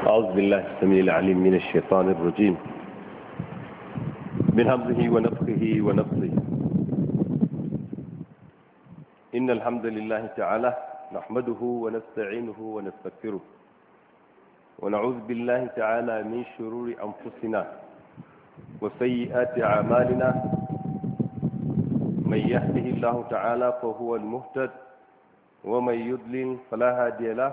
أعوذ بالله السميع العليم من الشيطان الرجيم من همزه ونفخه ونفخه إن الحمد لله تعالى نحمده ونستعينه ونستغفره ونعوذ بالله تعالى من شرور أنفسنا وسيئات أعمالنا من يهده الله تعالى فهو المهتد ومن يضلل فلا هادي له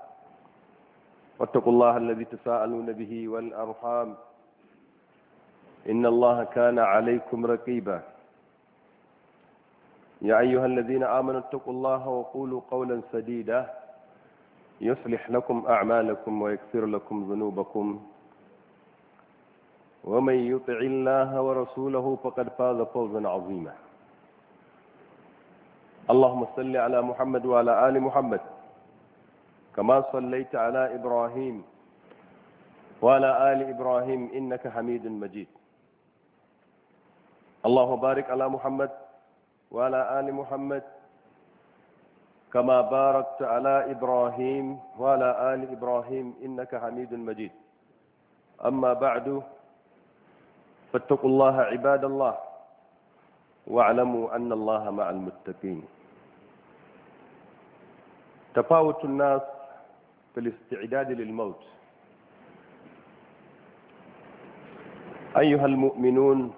واتقوا الله الذي تساءلون به والأرحام إن الله كان عليكم رقيبا يا أيها الذين آمنوا اتقوا الله وقولوا قولا سديدا يصلح لكم أعمالكم ويكثر لكم ذنوبكم ومن يطع الله ورسوله فقد فاز فوزا عظيما اللهم صل على محمد وعلى آل محمد كما صليت على إبراهيم وعلى آل إبراهيم إنك حميد مجيد الله بارك على محمد وعلى آل محمد كما باركت على إبراهيم وعلى آل إبراهيم إنك حميد مجيد أما بعد فاتقوا الله عباد الله واعلموا أن الله مع المتقين تفاوت الناس في الاستعداد للموت أيها المؤمنون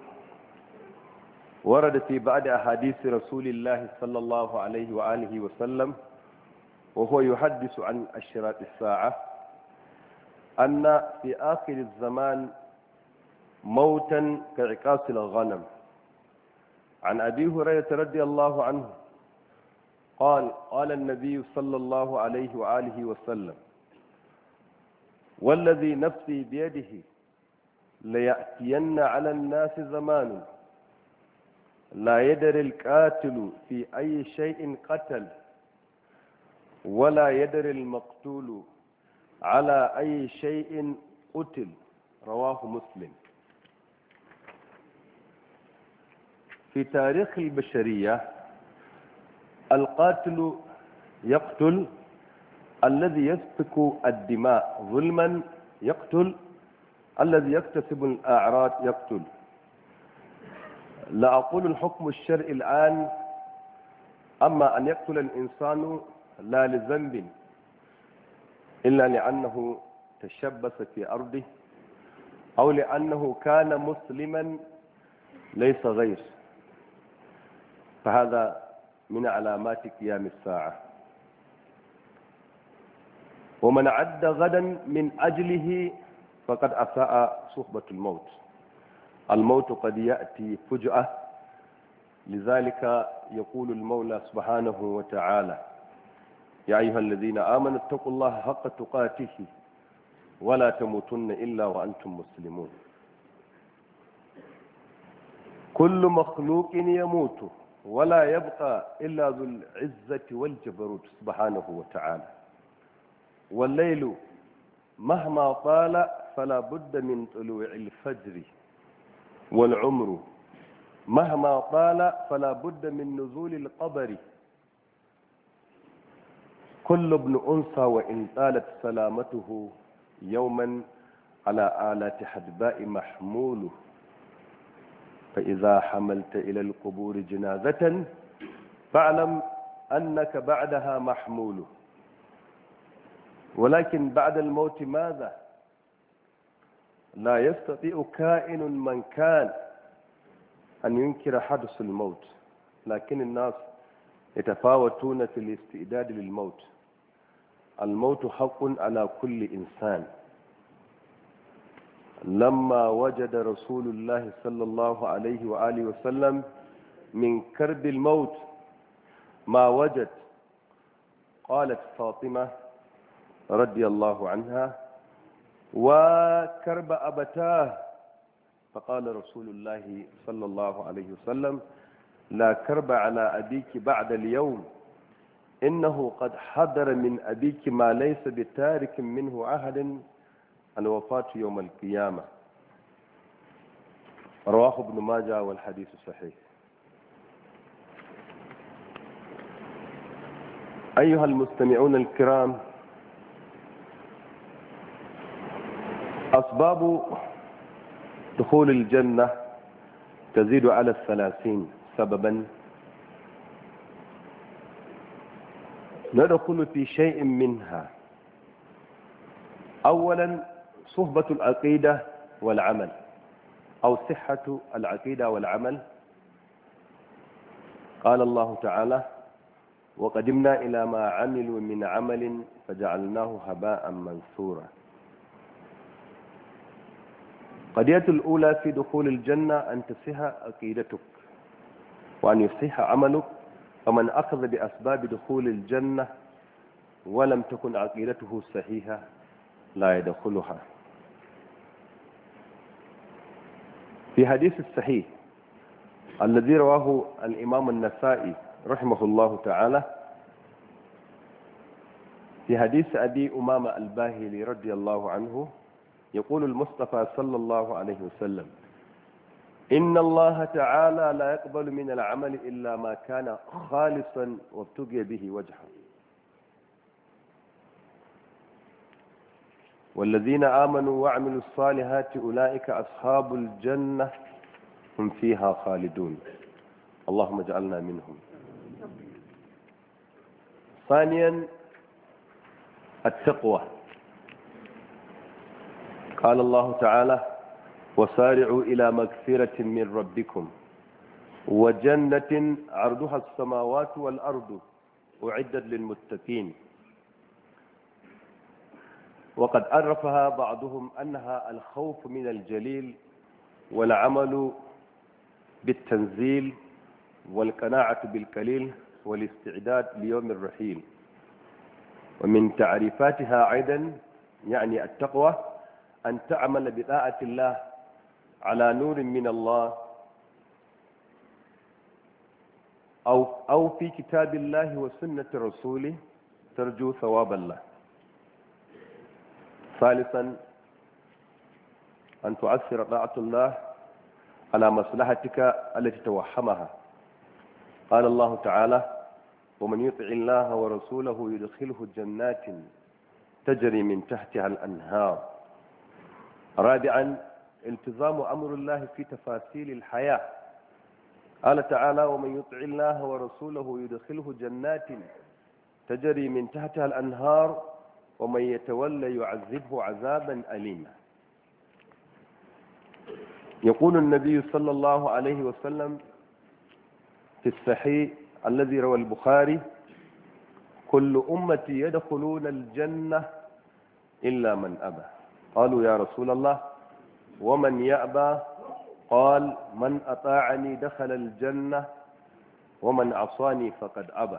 ورد في بعض أحاديث رسول الله صلى الله عليه وآله وسلم وهو يحدث عن أشراط الساعة أن في آخر الزمان موتا كعكاس الغنم عن أبي هريرة رضي الله عنه قال قال النبي صلى الله عليه وآله وسلم والذي نفسي بيده ليأتين على الناس زمان لا يدري القاتل في أي شيء قتل ولا يدري المقتول على أي شيء قتل رواه مسلم في تاريخ البشرية القاتل يقتل الذي يسفك الدماء ظلما يقتل الذي يكتسب الأعراض يقتل لا أقول الحكم الشرعي الآن أما أن يقتل الإنسان لا لذنب إلا لأنه تشبث في أرضه أو لأنه كان مسلما ليس غير فهذا من علامات قيام الساعة ومن عد غدا من أجله فقد أساء صحبة الموت الموت قد يأتي فجأة لذلك يقول المولى سبحانه وتعالى يا أيها الذين آمنوا اتقوا الله حق تقاته ولا تموتن إلا وأنتم مسلمون كل مخلوق يموت ولا يبقى إلا ذو العزة والجبروت سبحانه وتعالى والليل مهما طال فلا بد من طلوع الفجر والعمر مهما طال فلا بد من نزول القبر كل ابن أنثى وإن طالت سلامته يوما على آلات حدباء محمول فإذا حملت إلى القبور جنازة فاعلم أنك بعدها محمول ولكن بعد الموت ماذا لا يستطيع كائن من كان أن ينكر حدث الموت لكن الناس يتفاوتون في الاستعداد للموت الموت حق على كل إنسان لما وجد رسول الله صلى الله عليه وآله وسلم من كرب الموت ما وجد قالت فاطمة رضي الله عنها وكرب أبتاه فقال رسول الله صلى الله عليه وسلم لا كرب على أبيك بعد اليوم إنه قد حضر من أبيك ما ليس بتارك منه عهد الوفاة يوم القيامة رواه ابن ماجه والحديث صحيح أيها المستمعون الكرام أسباب دخول الجنة تزيد على الثلاثين سببا ندخل في شيء منها أولا صحبة العقيدة والعمل أو صحة العقيدة والعمل قال الله تعالى وقدمنا إلى ما عملوا من عمل فجعلناه هباء منثورا القضية الأولى في دخول الجنة أن تصح عقيدتك وأن يصح عملك فمن أخذ بأسباب دخول الجنة ولم تكن عقيدته صحيحة لا يدخلها في حديث الصحيح الذي رواه الإمام النسائي رحمه الله تعالى في حديث أبي أمامة الباهلي رضي الله عنه يقول المصطفى صلى الله عليه وسلم إن الله تعالى لا يقبل من العمل إلا ما كان خالصا وابتغي به وجهه والذين آمنوا وعملوا الصالحات أولئك أصحاب الجنة هم فيها خالدون اللهم اجعلنا منهم ثانيا التقوى قال الله تعالى وسارعوا إلى مغفرة من ربكم وجنة عرضها السماوات والأرض أعدت للمتقين وقد عرفها بعضهم أنها الخوف من الجليل والعمل بالتنزيل والقناعة بالقليل والاستعداد ليوم الرحيل ومن تعريفاتها أيضا يعني التقوى أن تعمل بطاعة الله على نور من الله أو, أو في كتاب الله وسنة رسوله ترجو ثواب الله ثالثا أن تؤثر طاعة الله على مصلحتك التي توهمها قال الله تعالى ومن يطع الله ورسوله يدخله جنات تجري من تحتها الأنهار رابعا التزام أمر الله في تفاصيل الحياة قال تعالى ومن يطع الله ورسوله يدخله جنات تجري من تحتها الأنهار ومن يتولى يعذبه عذابا أليما يقول النبي صلى الله عليه وسلم في الصحيح الذي روى البخاري كل أمتي يدخلون الجنة إلا من أبى قالوا يا رسول الله ومن يأبى قال من أطاعني دخل الجنة ومن عصاني فقد أبى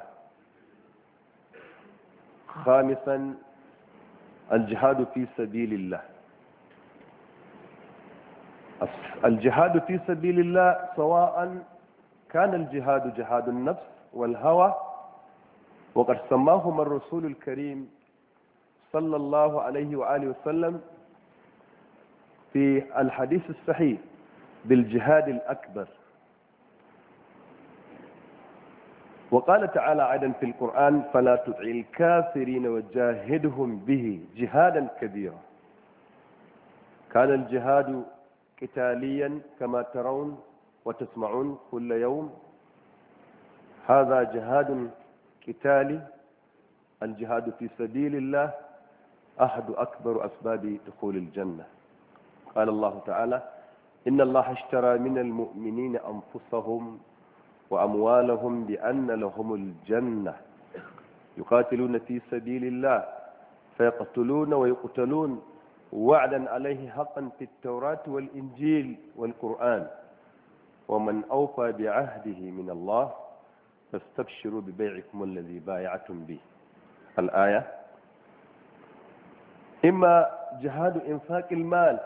خامسا الجهاد في سبيل الله الجهاد في سبيل الله سواء كان الجهاد جهاد النفس والهوى وقد سماهما الرسول الكريم صلى الله عليه وآله وسلم في الحديث الصحيح بالجهاد الأكبر وقال تعالى أيضا في القرآن فلا تدع الكافرين وجاهدهم به جهادا كبيرا كان الجهاد قتاليا كما ترون وتسمعون كل يوم هذا جهاد قتالي الجهاد في سبيل الله أحد أكبر أسباب دخول الجنة قال الله تعالى إن الله اشترى من المؤمنين أنفسهم وأموالهم بأن لهم الجنة يقاتلون في سبيل الله فيقتلون ويقتلون وعدا عليه حقا في التوراة والإنجيل والقرآن ومن أوفى بعهده من الله فاستبشروا ببيعكم الذي بايعتم به الآية إما جهاد إنفاق المال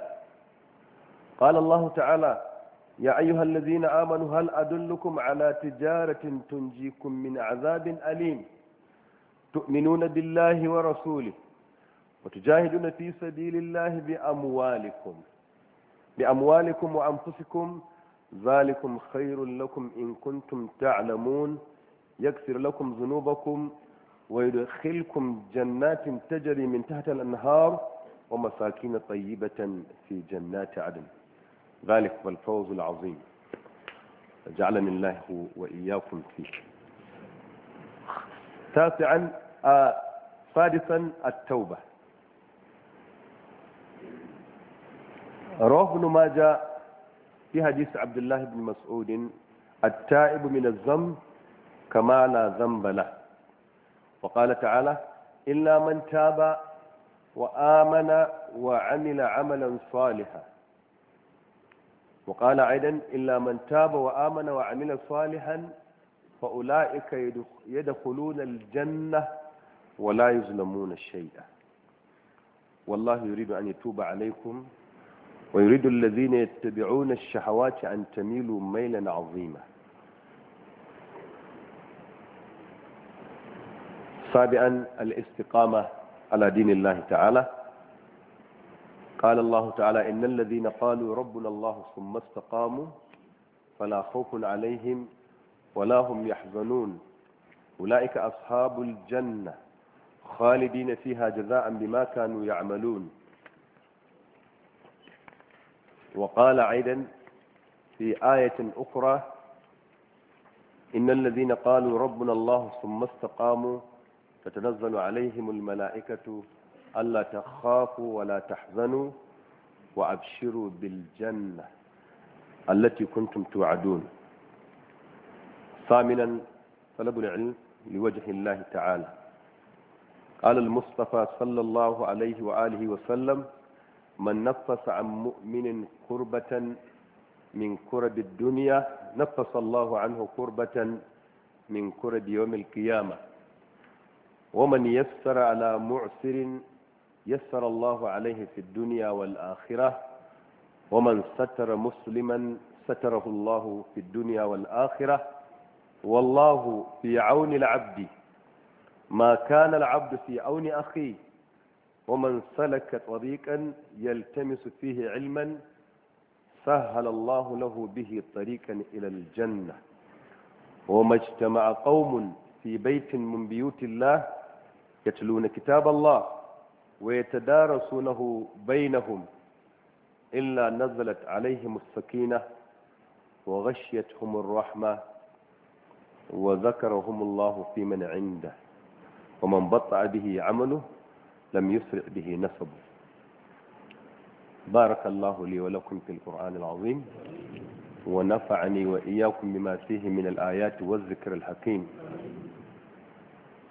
قال الله تعالى يا أيها الذين آمنوا هل أدلكم على تجارة تنجيكم من عذاب أليم تؤمنون بالله ورسوله وتجاهدون في سبيل الله بأموالكم بأموالكم وأنفسكم ذلكم خير لكم إن كنتم تعلمون يكسر لكم ذنوبكم ويدخلكم جنات تجري من تحت الأنهار ومساكين طيبة في جنات عدن ذلك هو الفوز العظيم جعلني الله وإياكم فيه تاسعا آه سادسا التوبة رواه ابن ماجه في حديث عبد الله بن مسعود التائب من الذنب كما لا ذنب له وقال تعالى إلا من تاب وآمن وعمل عملا صالحا وقال أيضا إلا من تاب وآمن وعمل صالحا فأولئك يدخلون الجنة ولا يظلمون شيئا والله يريد أن يتوب عليكم ويريد الذين يتبعون الشهوات أن تميلوا ميلا عظيما سابعا الاستقامة على دين الله تعالى قال الله تعالى إن الذين قالوا ربنا الله ثم استقاموا فلا خوف عليهم ولا هم يحزنون أولئك أصحاب الجنة خالدين فيها جزاء بما كانوا يعملون وقال أيضا في آية أخرى إن الذين قالوا ربنا الله ثم استقاموا تتنزل عليهم الملائكة ألا تخافوا ولا تحزنوا وأبشروا بالجنة التي كنتم توعدون ثامنا طلب العلم لوجه الله تعالى قال المصطفى صلى الله عليه وآله وسلم من نفس عن مؤمن كربة من كرب الدنيا نفس الله عنه كربة من كرب يوم القيامة ومن يسر على معسر يسر الله عليه في الدنيا والآخرة ومن ستر مسلما ستره الله في الدنيا والآخرة والله في عون العبد ما كان العبد في عون أخيه ومن سلك طريقا يلتمس فيه علما سهل الله له به طريقا إلى الجنة وما اجتمع قوم في بيت من بيوت الله يتلون كتاب الله ويتدارسونه بينهم إلا نزلت عليهم السكينة وغشيتهم الرحمة وذكرهم الله في من عنده ومن بطأ به عمله لم يسرع به نسبه بارك الله لي ولكم في القرآن العظيم ونفعني وإياكم بما فيه من الآيات والذكر الحكيم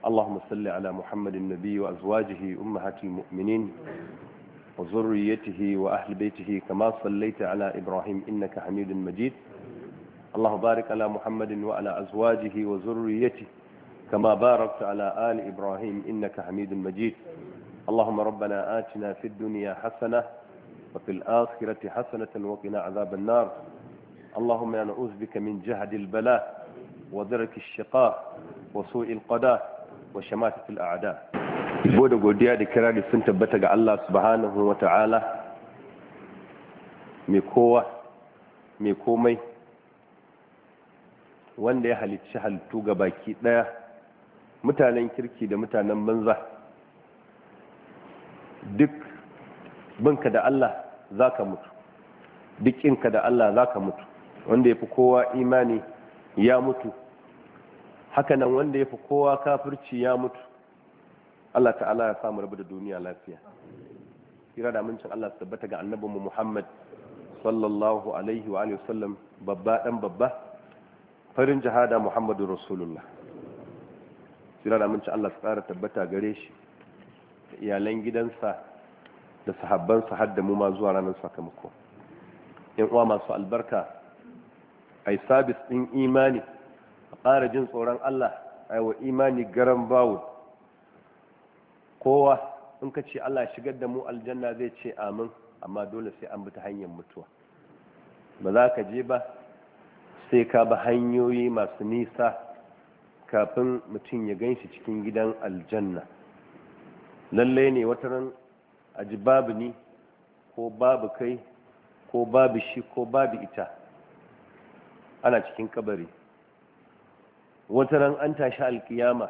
اللهم صل على محمد النبي وأزواجه أمهات المؤمنين وذريته وأهل بيته كما صليت على إبراهيم إنك حميد مجيد اللهم بارك على محمد وعلى أزواجه وذريته كما باركت على آل إبراهيم إنك حميد مجيد اللهم ربنا آتنا في الدنيا حسنة وفي الآخرة حسنة وقنا عذاب النار اللهم نعوذ بك من جهد البلاء ودرك الشقاء وسوء القضاء wa shamatatul a'da ibo da godiya da kirari sun tabbata ga Allah subhanahu wa ta'ala mai kowa mai komai wanda ya halicci halittu ga baki daya mutanen kirki da mutanen banza duk banka da Allah zaka mutu duk inka da Allah zaka mutu wanda ya fi kowa imani ya mutu haka nan wanda ya fi kowa kafirci ya mutu Allah ta'ala ya samu rabu da duniya lafiya kira da amincin Allah su tabbata ga annabinmu Muhammad sallallahu alaihi wa sallam babba dan babba farin jihada Muhammadu Rasulullah kira da amincin Allah su tsara tabbata gare shi da iyalan gidansa da sahabbansa har da mu ma zuwa ranar sakamako yan uwa masu albarka ai sabis din imani ƙara jin tsoron Allah aiwa imani garan bawu kowa in ka ce Allah shigar da mu aljanna zai ce amin amma dole sai an bi ta hanyar mutuwa ba za ka je ba sai ka ba hanyoyi masu nisa kafin mutum ya ganshi cikin gidan aljanna lalle ne wata ran a ji babu ni ko babu kai ko babu shi ko babu ita ana cikin kabari wata ran an tashi alkiyama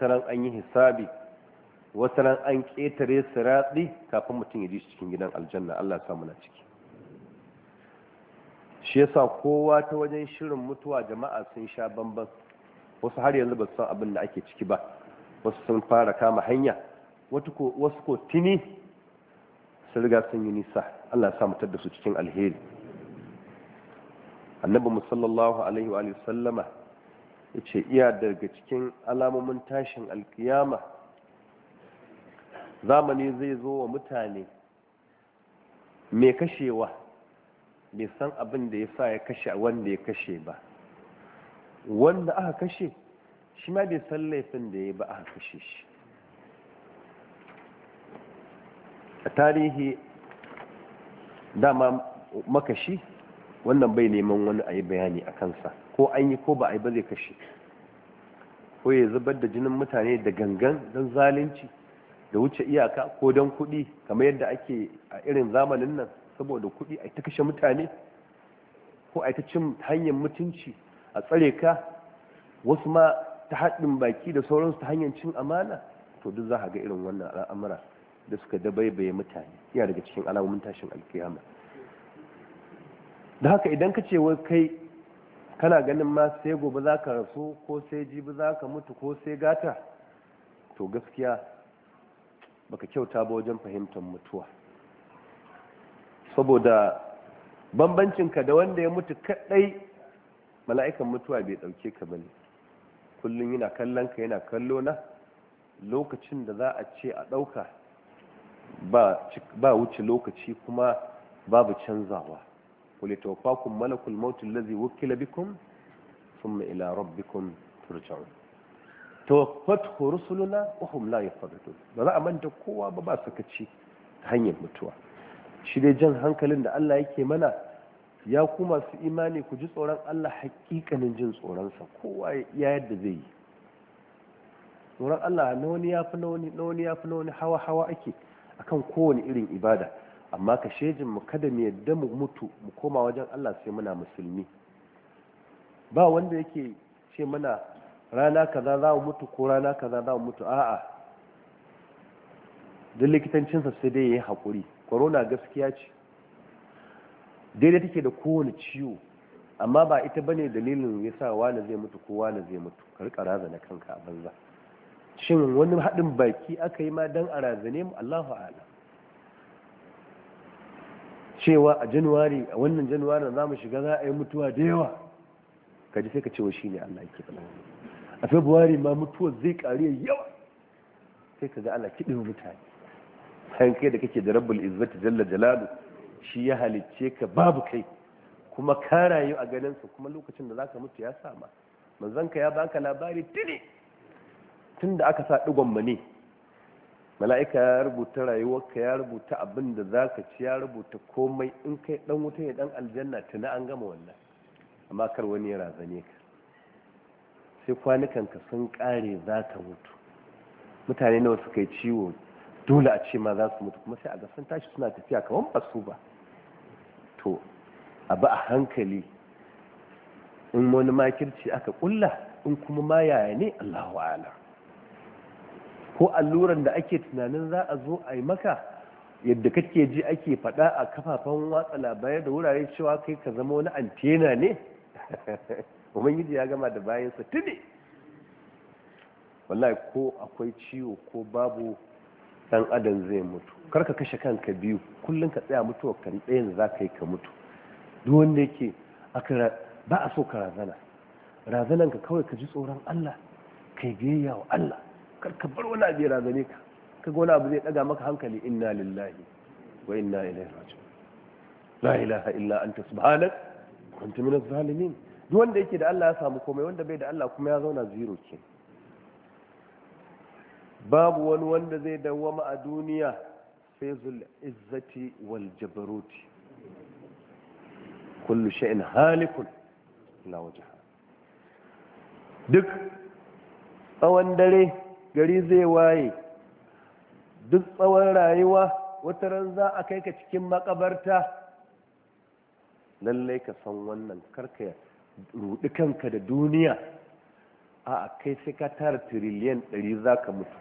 ran an yi hisabi wata ran an ƙetare siratsi kafin mutum ya ji cikin gidan aljanna Allah samu na ciki shi yasa kowa ta wajen shirin mutuwa jama'a sun sha bambam wasu har yanzu ba su san abin da ake ciki ba wasu sun fara kama hanya wasu ko tini sun riga sun yi nisa Allah ya samu da su cikin alheri annabi musallallahu alaihi wa sallama ce iya daga cikin alamomin tashin alkiyama zamani zai zo wa mutane mai kashewa bai san abin da ya sa ya kashe wanda ya kashe ba wanda aka kashe shi ma bai san laifin da ya ba aka kashe shi a tarihi dama makashi wannan bai neman wani a yi bayani a kansa ko an yi ko ba a yi ba zai kashe ko ya zubar da jinin mutane da gangan don zalunci da wuce iyaka ko don kuɗi kamar yadda ake a irin zamanin nan saboda kuɗi a ta kashe mutane ko a ta cin hanyar mutunci a tsare ka wasu ma ta haɗin baki da sauransu ta hanyar cin amana to duk za a ga irin wannan al'amura da suka dabaibaye mutane yana daga cikin alamomin tashin alkiyama da haka idan ka ce wai kai kana ganin ma sai gobe za ka rasu ko sai jibi za ka mutu ko sai gata to gaskiya baka kyauta ba wajen fahimtar mutuwa saboda bambancinka da wanda ya mutu kadai mala'ikan mutuwa bai dauke ka ba ne kullum yana kallon ka yana kallo na lokacin da za a ce a ɗauka ba wuce lokaci kuma babu canzawa qul yatawaffakum malakul maut allazi wukila bikum thumma ila rabbikum turja'un tawaffatu rusuluna wa hum ba za a manta kowa ba ba sakaci ta hanyar mutuwa shi jan hankalin da Allah yake mana ya ku masu imani ku ji tsoron Allah hakikanin jin tsoronsa kowa ya yadda zai yi tsoron Allah na wani ya fi na wani hawa hawa ake akan kowane irin ibada amma ka shejin mu kada mu yadda mu mutu mu koma wajen Allah sai muna musulmi ba wanda yake ce mana rana kaza za mu mutu ko rana kaza za mu mutu a'a duk likitancinsa sai dai yayi hakuri corona gaskiya ce daidai take da kowane ciwo amma ba ita bane dalilin yasa wani zai mutu ko wani zai mutu ka rika razana kanka a banza shin wani haɗin baki aka yi ma dan a razane mu Allahu a'lam cewa a januwari a wannan januwarin za mu shiga za a yi mutuwa da yawa ka ji sai ka cewa shi ne Allah ke a februari ma mutuwa zai ƙari yawa sai ka ga Allah kiɗin mutane kayan kai da kake da rabbul izzati jalla jalalu shi ya halicce ka babu kai kuma ka rayu a ganinsa kuma lokacin da za ka mutu ya sama manzanka ya baka labari tuni da aka sa digon ne. mala'ika ya rubuta rayuwarka ya rubuta abin da za ka ci ya rubuta komai in kai dan wuta ya dan aljanna tuna an gama wannan amma kar wani ya razane ka sai kwanukanka sun kare za ka mutu mutane nawa suka yi ciwo dole a ce ma za su mutu kuma sai a ga tashi suna tafiya kamar ba ba to abu a hankali in wani makirci aka kulla in kuma ma yaya ne allahu alam ko alluran da ake tunanin za a zo a yi maka yadda kake ji ake faɗa a kafafen watsa labarai da wurare cewa kai ka zama wani antena ne ubangiji ya gama da bayansa tuni wallahi ko akwai ciwo ko babu dan adam zai mutu karka kashe kanka biyu kullum ka tsaya mutuwa kan ɗayan za ka yi ka mutu duk wanda yake ba a so ka razana razanan ka kawai ka ji tsoron allah kai biyayya wa allah karka bar wani abu ya razane ka kaga wani abu zai daga maka hankali inna lillahi wa inna ilaihi raji'un la ilaha illa anta subhanak kuntu minaz zalimin duk wanda yake da Allah ya samu komai wanda bai da Allah kuma ya zauna zero ke babu wani wanda zai dawwama a duniya sai zul izzati wal jabaruti kullu shay'in halikun la wajha duk tsawon dare gari zai waye duk tsawon rayuwa wata ran za a kai ka cikin makabarta lallai ka san wannan karka rudi kanka da duniya a kai sai ka tara tiriliyan ɗari za ka mutu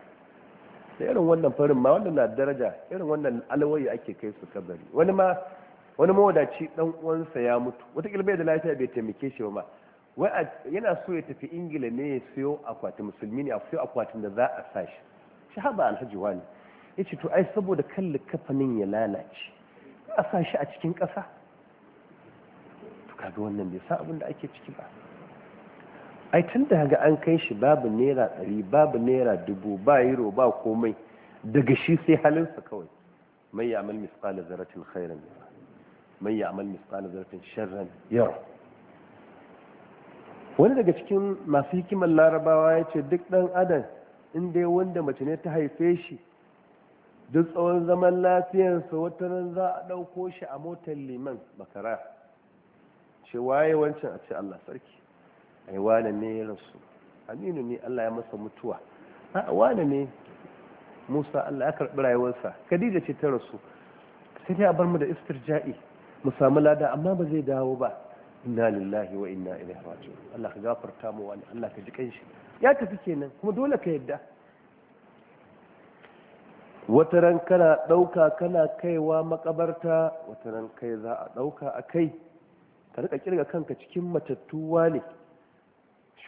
da irin wannan farin ma wannan na daraja irin wannan alwayi ake kai su kabari wani ma wani mawadaci ɗan uwansa ya mutu wata bai da lafiya bai taimake shi ba wai yana so ya tafi ingila ne ya siyo akwati musulmi ne a siyo akwatin da za a sa shi haɓa alhaji wani ya ce to ai saboda kan kafanin ya lalace a sa shi a cikin ƙasa to ga wannan bai sa abin da ake ciki ba ai tun da ga an kai shi babu naira ɗari babu naira dubu ba yiro ba komai daga shi sai halinsa kawai mai ya amal misqala zaratin khairan yara mai ya amal zaratin sharran yara wani daga cikin masu hikimar larabawa ya ce duk ɗan adam inda dai wanda mace ne ta haife shi duk tsawon zaman lafiyarsa wata nan za a ɗauko shi a motar liman makara ce waye wancan a ce allah sarki yi wane ne ya rasu aminu ne allah ya masa mutuwa a wane ne musa allah ya karɓi rayuwarsa khadija ce ta rasu sai dai a bar mu da istirja'i mu samu lada amma ba zai dawo ba inna lillahi wa inna ilaihi raji'un Allah ka gafarta mu wani Allah ka ji kanshi ya tafi kenan kuma dole ka yadda wata ran kana dauka kana kaiwa makabarta wata ran kai za a dauka a kai ka rika kirga kanka cikin matattuwa ne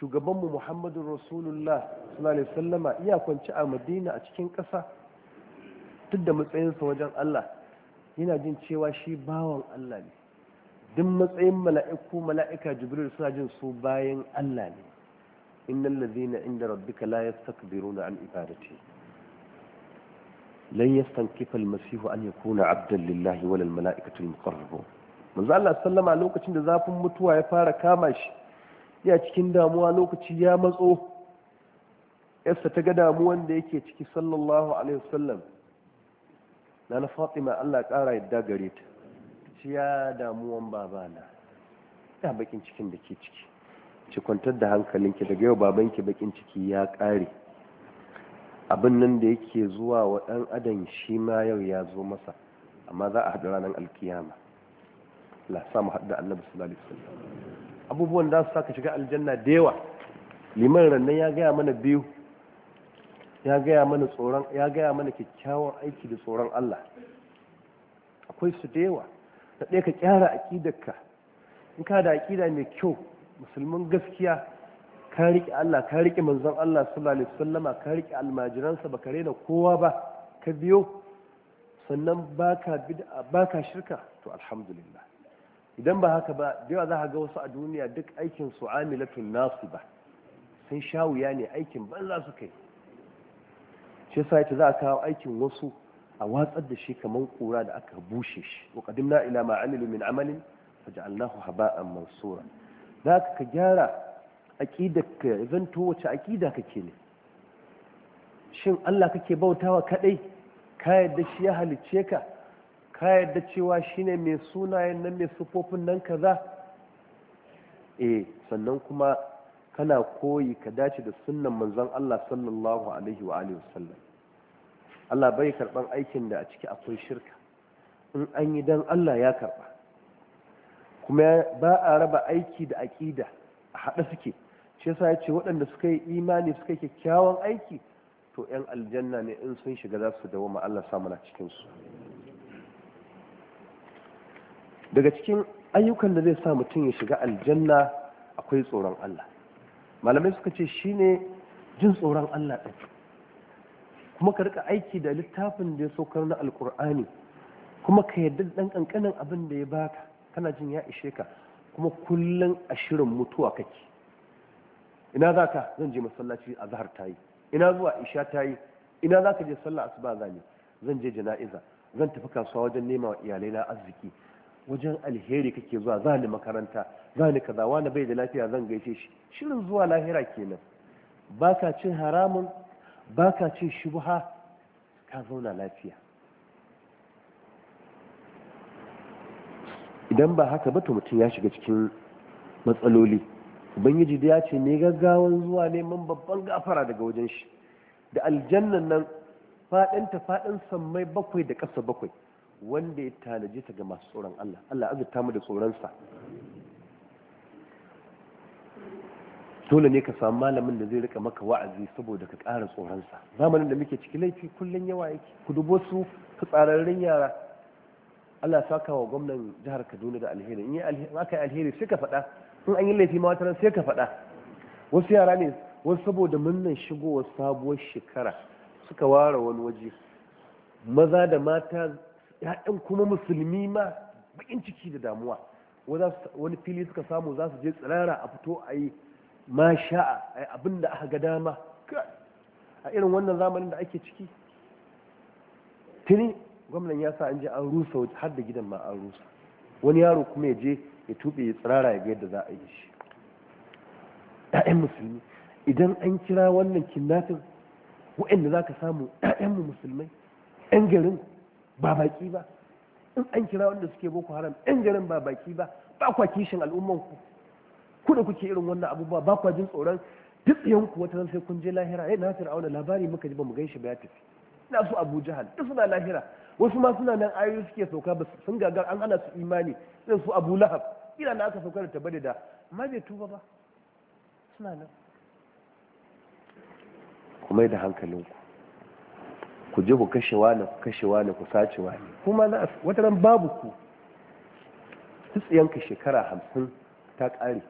shugabanmu Muhammadu Rasulullah sallallahu alaihi wasallama iya kwanci a Madina a cikin ƙasa tudda matsayinsa wajen Allah yana jin cewa shi bawan Allah ne duk matsayin mala'iku mala'ika jibril suna jin su bayan Allah ne innal ladhina inda rabbika la yastakbiruna an ibadati lan yastankifa al Masihu an yakuna abdan lillahi wal mala'ikatu al manzo Allah sallama lokacin da zafin mutuwa ya fara kama shi ya cikin damuwa lokaci ya matso yarsa ta ga damuwan da yake ciki sallallahu alaihi wasallam na na Fatima Allah ƙara yadda gare ta ciya damuwan babana ya bakin cikin da ke ciki ki kwantar da hankalinki daga yau babanki bakin ciki ya ƙare abin nan da yake zuwa wa ɗan adam shi ma yau ya zo masa amma za a haɗu ranar alkiyama la samu haɗu da annabi sallallahu alaihi wasallam abubuwan da su saka shiga aljanna da yawa liman rannan ya gaya mana biyu ya gaya mana tsoron ya gaya mana kyakkyawan aiki da tsoron Allah akwai su da yawa na ɗaya ka kyara aƙidarka in ka da aƙida mai kyau musulman gaskiya ka riƙe Allah ka riƙe manzon Allah sallallahu alaihi wasallama ka riƙe almajiransa baka rena kowa ba ka biyo sannan baka bid'a baka shirka to alhamdulillah idan ba haka ba da yawa za ka ga wasu a duniya duk aikin su amilatun nasu ba sun sha wuya ne aikin banza su kai shi yasa ita za a kawo aikin wasu a watsar da shi kamar kura da aka bushe shi wa qadimna ila ma amilu min amalin faj'alnahu haba'an mansura da ka gyara aqidarka to wace aqida kake ne shin Allah kake bautawa kadai ka yadda shi ya halicce ka ka yadda cewa shine mai sunayen nan mai sufofin nan kaza eh sannan kuma kana koyi ka dace da sunnan manzon Allah sallallahu alaihi wa alihi wasallam Allah bai karɓar aikin da a ciki akwai shirka in an yi don Allah ya karɓa kuma ba a raba aiki da aƙida a haɗa suke shi yasa ya ce waɗanda suka yi imani suka yi kyakkyawan aiki to 'yan aljanna ne in sun shiga za su dawo ma Allah samuna cikinsu daga cikin ayyukan da zai sa mutum ya shiga aljanna akwai tsoron Allah malamai suka ce shine jin tsoron Allah ɗin kuma ka rika aiki da littafin da ya saukar na alkur'ani kuma ka yarda da ɗan ƙanƙanin abin da ya baka kana jin ya ishe ka kuma kullum a shirin mutuwa kake ina za ka zan je masallaci a zahar tayi ina zuwa isha tayi ina za ka je sallah asuba zane zan je jana'iza zan tafi kasuwa wajen nema wa iyalai na arziki wajen alheri kake zuwa za ni makaranta za ni kaza wani bai da lafiya zan gaishe shi shirin zuwa lahira kenan ba ka cin haramun ba ka ce shubha ka zauna lafiya idan ba haka ba to mutum ya shiga cikin matsaloli ubangiji da ya ce ne gaggawan zuwa neman babban gafara daga wajen shi da aljannan nan faɗinta faɗin sammai bakwai da ƙasa bakwai wanda ya tanaji ta ga masu tsoron Allah Allah azurta mu da tsoronsa dole ne ka samu malamin da zai rika maka wa'azi saboda ka ƙara tsoronsa zamanin da muke ciki laifi kullum yawa yake ku dubo su tsararrun yara Allah saka wa gwamnan jihar Kaduna da alheri in aka yi alheri sai ka faɗa in an yi laifi ma wata sai ka faɗa wasu yara ne wasu saboda murnan shigowar sabuwar shekara suka ware wani waje maza da mata ya'yan kuma musulmi ma bakin ciki da damuwa wani fili suka samu za su je tsirara a fito a yi ma sha'a ai abin da aka ga dama a irin wannan zamanin da ake ciki tuni gwamnan ya sa an je an rusa har da gidan ma an rusa wani yaro kuma ya je ya tuɓe ya tsirara ya ga yadda za a yi shi ɗayan musulmi idan an kira wannan kinnafin wa'anda za ka samu ɗayanmu musulmai ɗan garin ba baki ba in an kira wanda suke boko haram ɗan garin ba baki ba ba kwa kishin al'ummanku ku da kuke irin wannan abubuwa ba kwa jin tsoron duk yanku wata sai kun je lahira eh na fir'aun labari muka ji ba mu gaishe ba ya tafi ina su abu jahal duk suna lahira wasu ma suna nan ayoyi suke sauka ba sun gagar an hana su imani Ina su abu lahab ina na aka sauka da tabari da amma bai tuba ba suna nan ku mai da hankalinku ku je ku kashe wani ku kashe wani ku sace wani kuma na wata ran babu ku tsiyanka shekara hamsin ta ƙare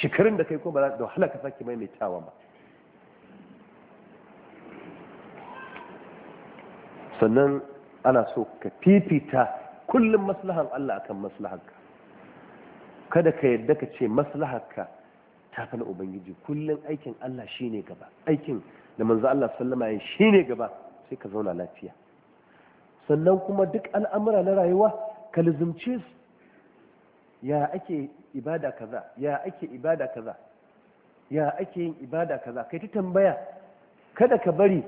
shekarun da kai ko da wahala ka sake maimaitawa ba sannan ana so ka fifita kullum maslahan Allah akan maslahanka kada ka yadda ka ce maslahanka ta fi na ubangiji kullum aikin Allah shi ne gaba aikin da manzo Allah sallama shi ne gaba sai ka zauna lafiya sannan kuma duk al'amura na rayuwa ka lizumce su ya ake ibada kaza ya ake ibada kaza ya ake yin ibada kaza kai ta tambaya kada ka bari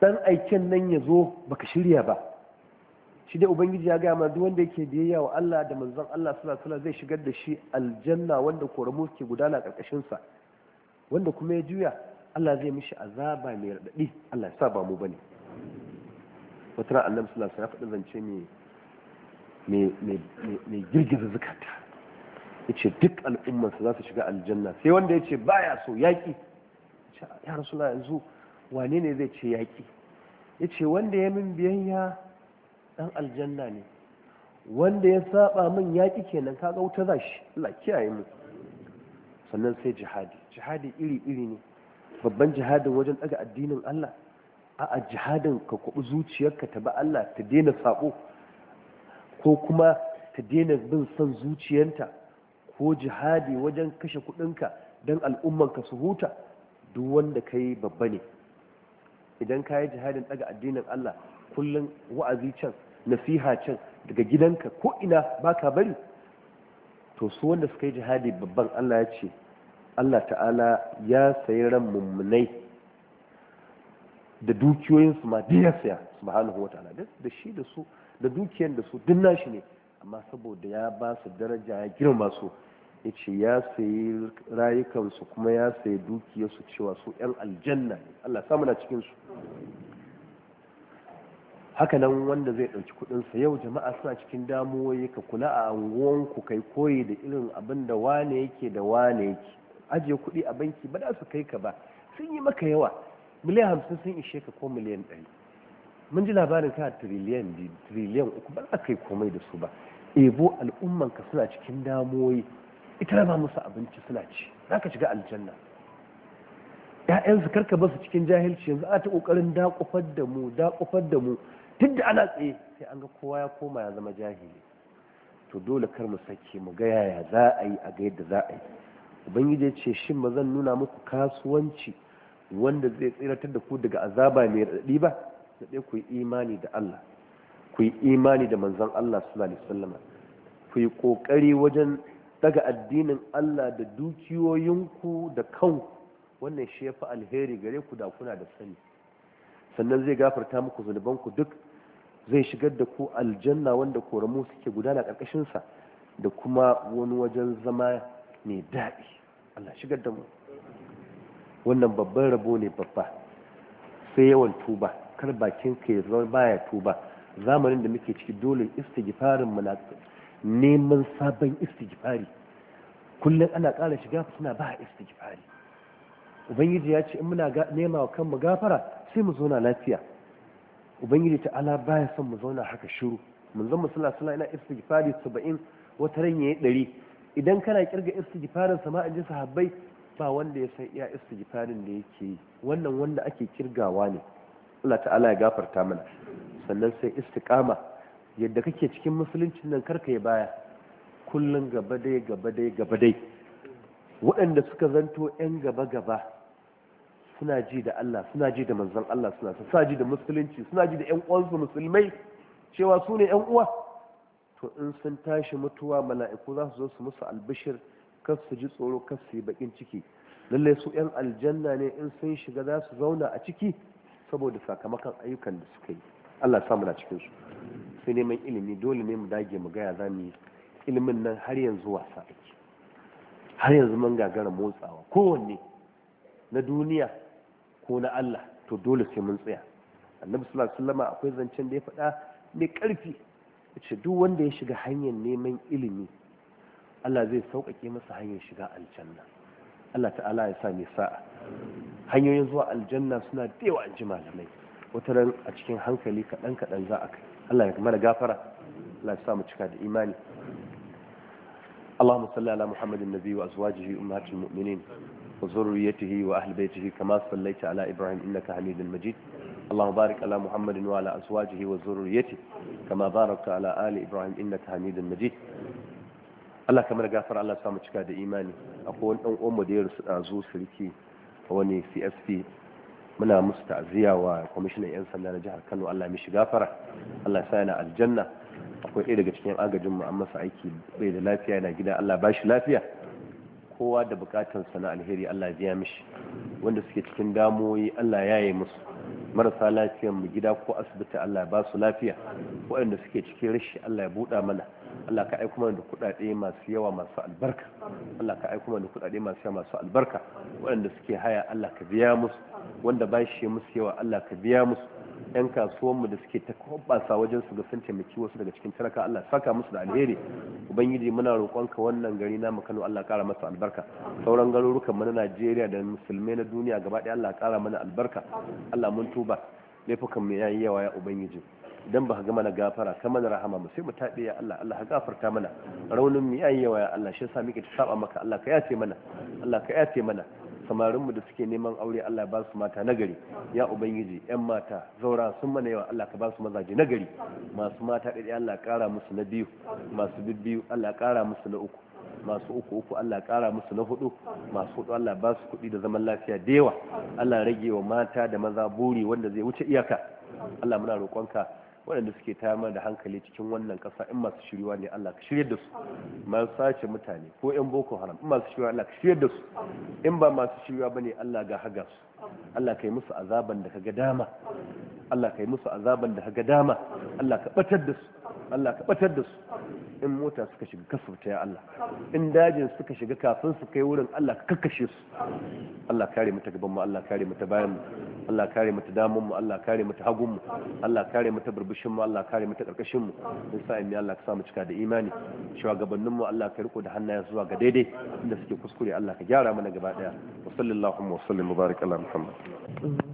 dan aiken nan ya zo baka shirya ba shi dai ubangiji ya gaya duk wanda yake biyayya wa Allah da manzon Allah sallallahu alaihi zai shigar da shi aljanna wanda koramu ke gudana karkashin sa wanda kuma ya juya Allah zai mishi azaba mai radadi Allah ya sa ba mu bane wata annabi sallallahu alaihi wasallam ya faɗa zance mai mai girgiza zukata ya ce duk al'ummarsa za su shiga aljanna sai wanda ya ce ba ya so yaƙi ya rasu na yanzu wane ne zai ce yaƙi ya ce wanda ya min biyayya ɗan aljanna ne wanda ya saba min yaƙi kenan kaga wuta za shi Allah kiyaye mu sannan sai jihadi jihadi iri-iri ne babban jihadin wajen ɗaga addinin Allah a jihadin ka kuɓi zuciyarka ta ba Allah ta daina saƙo ko kuma ka daina bin son zuciyanta ko jihadi wajen kashe kudinka don al'ummanka su huta duk wanda ka yi babba ne idan ka yi jihadin daga addinin Allah kullum wa'azi can nasiha can daga gidanka ko ina baka bari to su wanda suka yi jihadi babban Allah ya ce Allah ta'ala ya sayi ran mummunai da dukiyoyinsu ma ya saya subhanahu wa ta'ala da shi da su da dukiyar da su duk nashi ne amma saboda ya ba su daraja ya girma su ya ce ya sayi rayukansu kuma ya sayi dukiyarsu cewa su 'yan aljanna ne Allah samu na cikinsu hakanan wanda zai ɗauki kudinsa yau jama'a suna cikin damuwoyi ka kula a anguwanku kai koyi da irin abin da wane yake da wane yake ajiye kuɗi a banki ba za su kai ka ba sun yi maka yawa miliyan hamsin sun ishe ka ko miliyan ɗari mun ji labarin ka triliyan biyu triliyan uku ba za ka yi komai da su ba ebo ka suna cikin damoyi ita ba musu abinci suna ci za ka shiga aljanna ‘ya'yansu karka basu cikin jahilci yanzu ana ta ƙoƙarin dakufar da mu dakufar da mu duk da ana tsaye sai an ga kowa ya koma ya zama jahili to dole kar mu sake mu ga yaya za a yi a ga yadda za a yi ubangiji ya ce shin ba zan nuna muku kasuwanci wanda zai tsiratar da ku daga azaba mai raɗaɗi ba da ku yi imani da Allah ku yi imani da manzon Allah sallallahu alaihi sallama ku yi kokari wajen daga addinin Allah da dukiyoyinku da kanku wannan shi yafi alheri gare ku da kuna da sani sannan zai gafarta muku ku duk zai shigar da ku aljanna wanda koramu suke gudana karkashin sa da kuma wani wajen zama ne daɗi Allah shigar da mu wannan babban rabo ne babba sai yawan tuba kar bakin ka ya zama baya tuba zamanin da muke ciki dole istighfarin mu na neman sabon istighfari kullum ana ƙara shiga suna ba istighfari ubangiji ya ce in muna nema wa kanmu gafara sai mu zauna lafiya ubangiji ta ala baya son mu zauna haka shiru mun zama sallallahu alaihi ina istighfari 70 wata ran yayi 100 idan kana kirga istighfarin sama an ji sahabbai ba wanda ya san iya istighfarin da yake wannan wanda ake kirgawa ne Allah ta'ala ya gafarta mana sannan sai istiqama yadda kake cikin musuluncin nan karka ya baya kullun gaba dai gaba dai gaba dai waɗanda suka zanto 'yan gaba gaba suna ji da Allah suna ji da manzon Allah suna suna ji da musulunci suna ji da 'yan uwansu musulmai cewa su ne 'yan uwa to in sun tashi mutuwa mala'iku za su zo su musu albishir kar su ji tsoro kar su yi bakin ciki lallai su 'yan aljanna ne in sun shiga za su zauna a ciki saboda sakamakon ayyukan da suka yi Allah samu na cikinsu sai neman ilimi dole ne mu dage mu gaya za mu ilimin nan har yanzu wasa ake har yanzu mun gagara motsawa kowanne na duniya ko na Allah to dole sai mun tsaya annabi sallallahu alaihi wasallam akwai zancen da ya faɗa mai ƙarfi yace duk wanda ya shiga hanyar neman ilimi Allah zai sauƙaƙe masa hanyar shiga aljanna Allah ta'ala ya sa mai sa'a hanyoyin zuwa aljanna suna da yawa an ji malamai wata ran a cikin hankali kaɗan kaɗan za a kai Allah ya mana gafara Allah ya sa mu cika da imani اللهم صل على محمد النبي وأزواجه أمهات المؤمنين وذريته وأهل بيته كما صليت على إبراهيم إنك حميد مجيد اللهم بارك على محمد وعلى أزواجه وذريته كما باركت على آل إبراهيم إنك حميد مجيد Allah kamar gafar Allah samu cika da imani akwai wani ɗan uwan da ɗazu sarki wani csp muna musu ta'aziyya wa kwamishinan 'yan sanda na jihar kano allah mishi gafara allah sa yana aljanna akwai ɗaya daga cikin agajin mu an masa aiki bai da lafiya yana gida allah ba shi lafiya kowa da bukatar sana alheri allah biya mishi wanda suke cikin damuwoyi allah ya yi musu marasa lafiyan mu gida ko asibiti allah ba su lafiya waɗanda suke cikin rashi allah ya buɗa mana Allah ka aiko mana da kuɗaɗe masu yawa masu albarka Allah ka aiko mana da masu yawa masu albarka waɗanda suke haya Allah ka biya musu wanda ba shi musu yawa Allah ka biya musu yan kasuwanmu da suke ta kwabasa wajen su ga sun taimaki wasu daga cikin talaka Allah saka musu da alheri ubangiji muna ka wannan gari na Kano Allah ƙara masa albarka sauran garurukan mu na Najeriya da musulmai na duniya gaba ɗaya Allah ƙara mana albarka Allah mun tuba laifukan mu yayi yawa ya ubangiji dan ba ga mana gafara kamar da rahama mu sai mu tabe ya Allah Allah ka gafarta mana raunin mu yayi yawa ya Allah shi yasa muke ta saba maka Allah ka yace mana Allah ka yace mana samarin mu da suke neman aure Allah ba su mata nagari ya ubangiji yan mata zaura sun mana yawa Allah ka ba su mazaje nagari masu mata da Allah kara musu na biyu masu bibbiyu Allah kara musu na uku masu uku uku Allah kara musu na hudu masu hudu Allah ba su kuɗi da zaman lafiya da yawa Allah rage wa mata da maza buri wanda zai wuce iyaka Allah muna roƙonka waɗanda suke tayar da hankali cikin wannan ƙasa in masu shiriwa ne Allah ka shirya da su masu sace mutane ko yan boko haram in masu shiriwa Allah ka shirya da su in ba masu shiriwa bane Allah ga haga su Allah ka yi musu azaban da kaga dama Allah ka yi musu azaban da kaga dama Allah ka batar da su Allah ka batar da su in mota suka shiga kasafta ya Allah in dajin suka shiga kafin su kai wurin Allah ka kakkashe su Allah kare mu ta gaban mu Allah kare mu ta bayan mu Allah kare mata damun mu Allah kare mata hagun mu Allah kare mata burbushin mu Allah kare mata karkashin mu in sa ne Allah ka sa mu cika da imani gabanin mu Allah ka riko da hannayen zuwa ga daidai inda suke kuskure Allah ka gyara mana gaba daya wa alaihi wa sallam mubarak ala muhammad